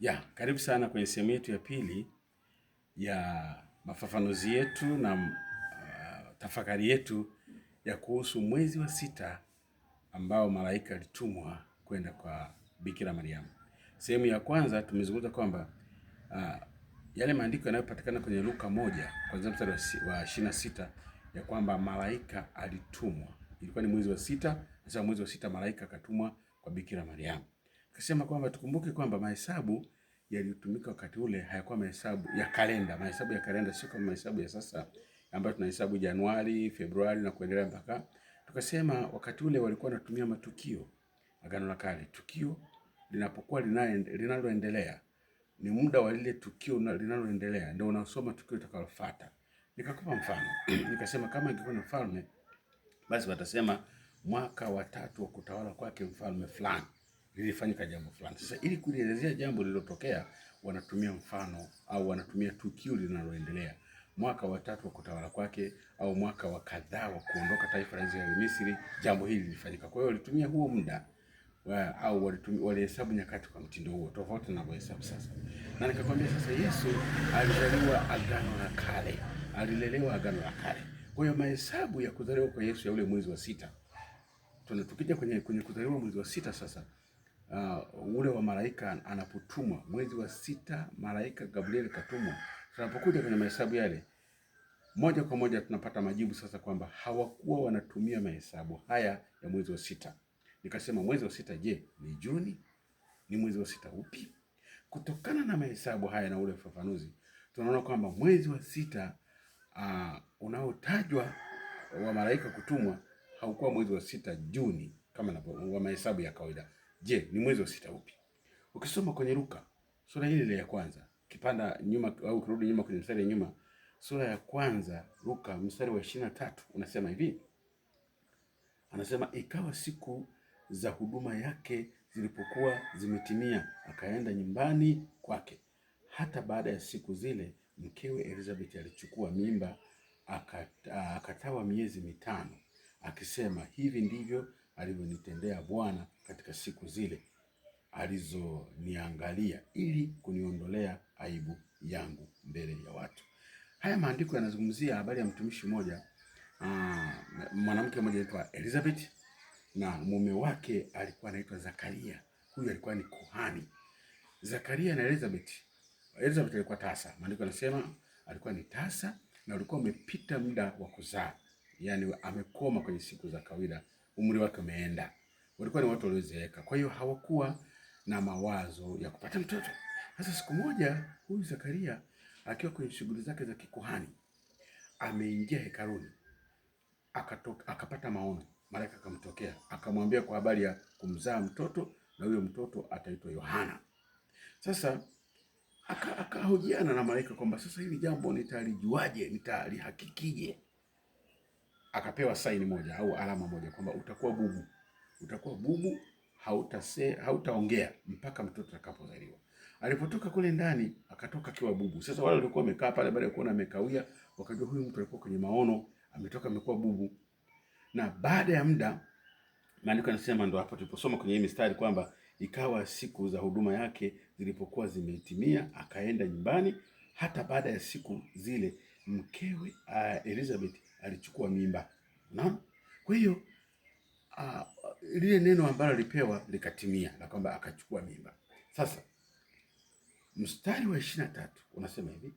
Ya, karibu sana kwenye sehemu yetu ya pili ya mafafanuzi yetu na uh, tafakari yetu ya kuhusu mwezi wa sita ambao malaika alitumwa kwenda kwa Bikira Mariamu. Sehemu ya kwanza tumezungumza kwamba uh, yale maandiko yanayopatikana kwenye Luka moja kuanzia mstari wa ishirini na sita ya kwamba malaika alitumwa, ilikuwa ni mwezi wa sita. Sasa mwezi wa sita malaika akatumwa kwa Bikira Mariamu akasema kwamba tukumbuke kwamba mahesabu yaliyotumika wakati ule hayakuwa mahesabu ya kalenda. Mahesabu ya kalenda sio kama mahesabu ya sasa ambayo tunahesabu Januari, Februari na kuendelea mpaka. Tukasema wakati ule walikuwa wanatumia matukio. Agano la Kale, tukio linapokuwa linaloendelea ni muda wa lile tukio linaloendelea ndio unasoma tukio litakalofuata. Nikakupa mfano nikasema, kama ingekuwa na mfalme, basi watasema mwaka wa tatu wa kutawala kwake mfalme fulani lilifanyika jambo fulani. Sasa ili kulielezea jambo lililotokea, wanatumia mfano au wanatumia tukio linaloendelea mwaka wa tatu wa kutawala kwake au mwaka wa kadhaa wa kuondoka taifa la Israeli Misri, jambo hili lilifanyika. Kwa hiyo walitumia huo muda wa, au walihesabu nyakati kwa mtindo huo tofauti na kuhesabu sasa. Na nikakwambia sasa, Yesu alizaliwa Agano la Kale, alilelewa Agano la Kale. Kwa hiyo mahesabu ya kuzaliwa kwa Yesu ya ule mwezi wa sita, tuna tukija kwenye kwenye kuzaliwa mwezi wa sita sasa uh, ule wa malaika anapotumwa mwezi wa sita, malaika Gabriel katumwa. Tunapokuja kwenye mahesabu yale moja kwa moja tunapata majibu sasa kwamba hawakuwa wanatumia mahesabu haya ya mwezi wa sita. Nikasema mwezi wa sita, je, ni Juni? Ni mwezi wa sita upi? Kutokana na mahesabu haya na ule ufafanuzi, tunaona kwamba mwezi wa sita uh, unaotajwa wa malaika kutumwa haukuwa mwezi wa sita Juni kama wa mahesabu ya kawaida. Je, ni mwezi wa sita upi? Ukisoma kwenye Luka sura ile ya kwanza kipanda nyuma au kurudi nyuma kwenye mstari ya nyuma sura ya kwanza Luka mstari wa ishirini na tatu unasema hivi, anasema ikawa siku za huduma yake zilipokuwa zimetimia, akaenda nyumbani kwake. Hata baada ya siku zile, mkewe Elizabeth alichukua mimba, akatawa miezi mitano, akisema hivi ndivyo alivyonitendea Bwana katika siku zile alizoniangalia ili kuniondolea aibu yangu mbele ya watu. Haya maandiko yanazungumzia habari ya mtumishi mmoja, ah, mwanamke mmoja aitwa Elizabeth na mume wake alikuwa anaitwa Zakaria. Huyu alikuwa ni kuhani. Zakaria na Elizabeth, Elizabeth alikuwa tasa, maandiko yanasema alikuwa ni tasa na alikuwa amepita muda wa kuzaa, yaani amekoma kwenye siku za kawaida umri wake umeenda, walikuwa ni watu waliozeeka, kwa hiyo hawakuwa na mawazo ya kupata mtoto. Sasa siku moja huyu Zakaria akiwa kwenye shughuli zake za kikuhani ameingia hekaluni, akatoka akapata maono. Malaika akamtokea akamwambia kwa habari ya kumzaa mtoto, na huyo mtoto ataitwa Yohana. Sasa akahojiana aka na malaika kwamba sasa hili jambo nitalijuaje, nitalihakikije? akapewa saini moja au alama moja kwamba utakuwa bubu, utakuwa bubu, hautase hautaongea mpaka mtoto atakapozaliwa. Alipotoka kule ndani akatoka akiwa bubu. Sasa wale walikuwa wamekaa pale, baada ya kuona amekawia, wakajua huyu mtu alikuwa kwenye maono, ametoka amekuwa bubu. Na baada ya muda, maandiko yanasema, ndo hapo tuliposoma kwenye mistari kwamba ikawa siku za huduma yake zilipokuwa zimetimia, akaenda nyumbani. Hata baada ya siku zile mkewe uh, Elizabeth alichukua mimba. na kwa hiyo uh, lile neno ambalo alipewa likatimia la kwamba akachukua mimba. Sasa mstari wa ishirini na tatu unasema hivi,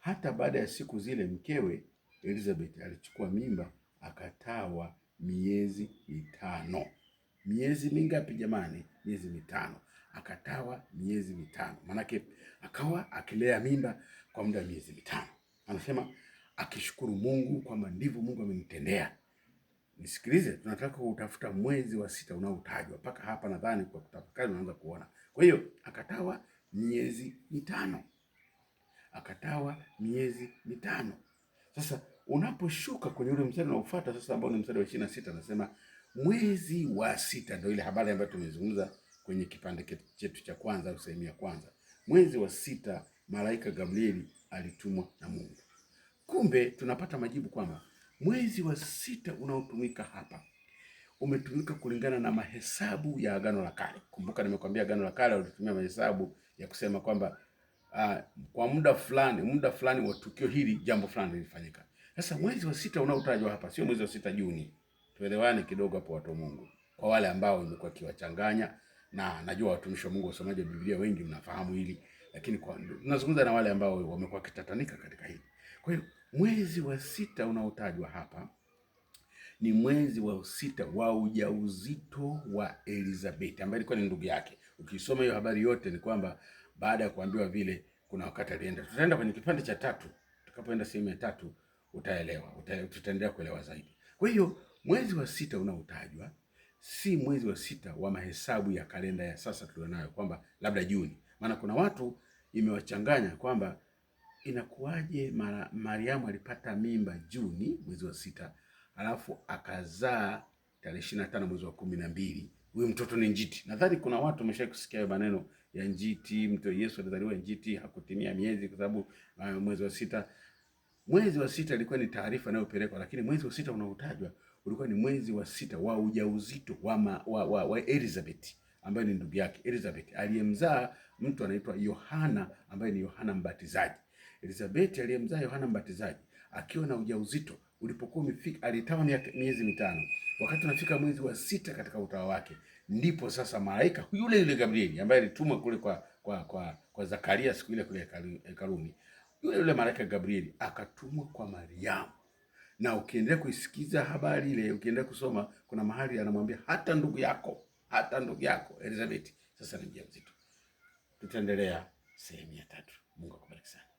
hata baada ya siku zile mkewe Elizabeth alichukua mimba akatawa miezi mitano. Miezi mingapi jamani? Miezi mitano. Akatawa miezi mitano, maanake akawa akilea mimba kwa muda wa miezi mitano anasema akishukuru Mungu kwamba ndivyo Mungu amenitendea. Nisikilize, tunataka kutafuta mwezi wa sita unaotajwa mpaka hapa, nadhani kwa kutafakari unaanza kuona. Kwa hiyo akatawa miezi mitano, akatawa miezi mitano. Sasa unaposhuka kwenye ule mstari unaofuata sasa, ambao ni mstari wa ishirini na sita, anasema mwezi wa sita, ndio ile habari ambayo tumezungumza kwenye kipande chetu cha kwanza au sehemu ya kwanza. Mwezi wa sita malaika Gabrieli alitumwa na Mungu. Kumbe tunapata majibu kwamba mwezi wa sita unaotumika hapa umetumika kulingana na mahesabu ya Agano la Kale. Kumbuka nimekwambia Agano la Kale walitumia mahesabu ya kusema kwamba uh, kwa muda fulani muda fulani wa tukio hili jambo fulani lilifanyika. Sasa mwezi wa sita unaotajwa hapa sio mwezi wa sita Juni. Tuelewane kidogo hapo, watu wa Mungu, kwa wale ambao imekuwa kiwachanganya, na najua watumishi wa Mungu wasomaji wa Biblia wengi mnafahamu hili lakini kwa nazungumza na wale ambao wamekuwa wakitatanika katika hili. Kwa hiyo mwezi wa sita unaotajwa hapa ni mwezi wa sita wa ujauzito wa Elizabeth ambaye alikuwa ni ndugu yake. Ukisoma hiyo habari yote ni kwamba baada ya kuambiwa vile, kuna wakati alienda. Tutaenda kwenye kipande cha tatu, tukapoenda sehemu ya tatu utaelewa, tutaendelea kuelewa zaidi. Kwa hiyo mwezi wa sita unaotajwa si mwezi wa sita wa mahesabu ya kalenda ya sasa tulionayo, kwamba labda Juni maana kuna watu imewachanganya kwamba inakuwaje Mariamu alipata mimba Juni mwezi wa sita alafu akazaa tarehe ishirini na tano mwezi wa kumi na mbili huyu mtoto ni njiti. Nadhani kuna watu wamesha kusikia hayo maneno ya njiti, mtu Yesu alizaliwa njiti, hakutimia miezi kwa sababu uh, mwezi wa sita mwezi wa sita ilikuwa ni taarifa inayopelekwa, lakini mwezi wa sita unaotajwa ulikuwa ni mwezi wa sita wa ujauzito wa, wa, wa, wa Elizabeth ambaye ni ndugu yake Elizabeth aliyemzaa mtu anaitwa Yohana ambaye ni Yohana Mbatizaji. Elizabeth aliyemzaa Yohana Mbatizaji akiwa na ujauzito ulipokuwa umefika, alitawa miezi mitano. Wakati unafika mwezi wa sita katika utawa wake, ndipo sasa malaika yule yule Gabrieli ambaye alitumwa kule kwa kwa kwa, kwa Zakaria siku ile kule hekaluni, yule yule malaika Gabrieli akatumwa kwa Mariamu na ukiendelea kuisikiza habari ile, ukiendelea kusoma, kuna mahali anamwambia hata ndugu yako hata ndugu yako Elizabeth sasa ni mjamzito. Tutaendelea sehemu ya tatu. Mungu akubariki sana.